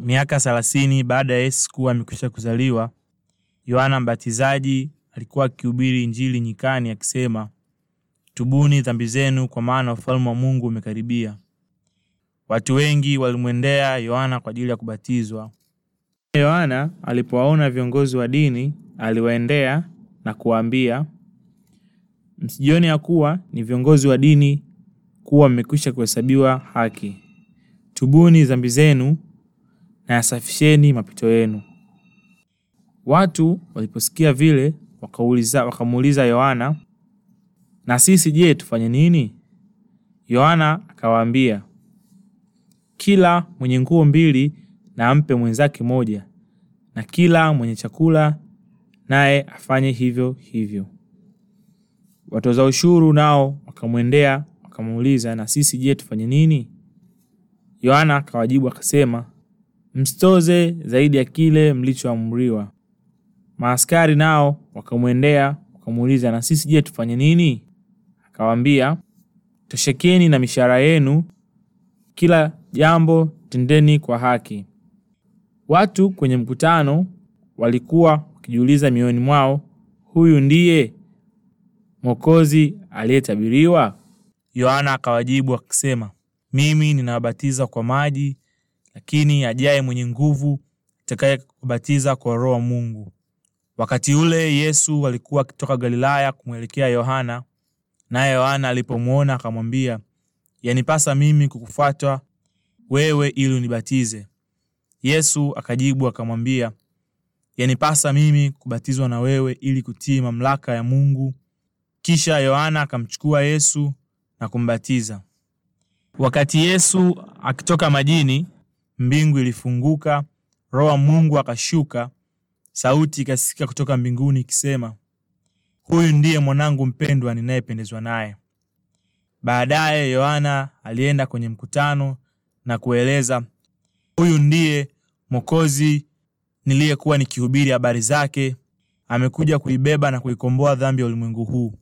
miaka thelathini baada ya Yesu kuwa amekwisha kuzaliwa, Yohana Mbatizaji alikuwa akihubiri Injili nyikani akisema, tubuni dhambi zenu, kwa maana ufalme wa Mungu umekaribia. Watu wengi walimwendea Yohana kwa ajili ya kubatizwa. Yohana alipowaona viongozi wa dini, aliwaendea na kuwaambia, msijioni ya kuwa ni viongozi wa dini kuwa mmekwisha kuhesabiwa haki. Tubuni dhambi zenu, na yasafisheni mapito yenu. Watu waliposikia vile wakauliza, wakamuuliza Yohana, na sisi je, tufanye nini? Yohana akawaambia, kila mwenye nguo mbili na ampe mwenzake moja, na kila mwenye chakula naye afanye hivyo hivyo. Watoza ushuru nao wakamwendea wakamuuliza, na sisi je, tufanye nini? Yohana akawajibu akasema, msitoze zaidi ya kile mlichoamriwa. Maaskari nao wakamwendea wakamuuliza, na sisi je, tufanye nini? Akawaambia, toshekeni na mishahara yenu, kila jambo tendeni kwa haki. Watu kwenye mkutano walikuwa wakijiuliza mioyoni mwao, huyu ndiye mwokozi aliyetabiriwa? Yohana akawajibu akisema, mimi ninawabatiza kwa maji lakini ajaye mwenye nguvu kubatiza kwa Roho wa Mungu. Wakati ule Yesu alikuwa akitoka Galilaya kumwelekea Yohana, naye Yohana alipomwona akamwambia, yanipasa mimi kukufuata wewe ili unibatize. Yesu akajibu akamwambia, yanipasa mimi kubatizwa na wewe ili kutii mamlaka ya Mungu. Kisha Yohana akamchukua Yesu na kumbatiza. Wakati Yesu akitoka majini mbingu ilifunguka, Roho wa Mungu akashuka, sauti ikasikika kutoka mbinguni ikisema, huyu ndiye mwanangu mpendwa ninayependezwa naye. Baadaye Yohana alienda kwenye mkutano na kueleza, huyu ndiye Mwokozi niliyekuwa nikihubiri habari zake, amekuja kuibeba na kuikomboa dhambi ya ulimwengu huu.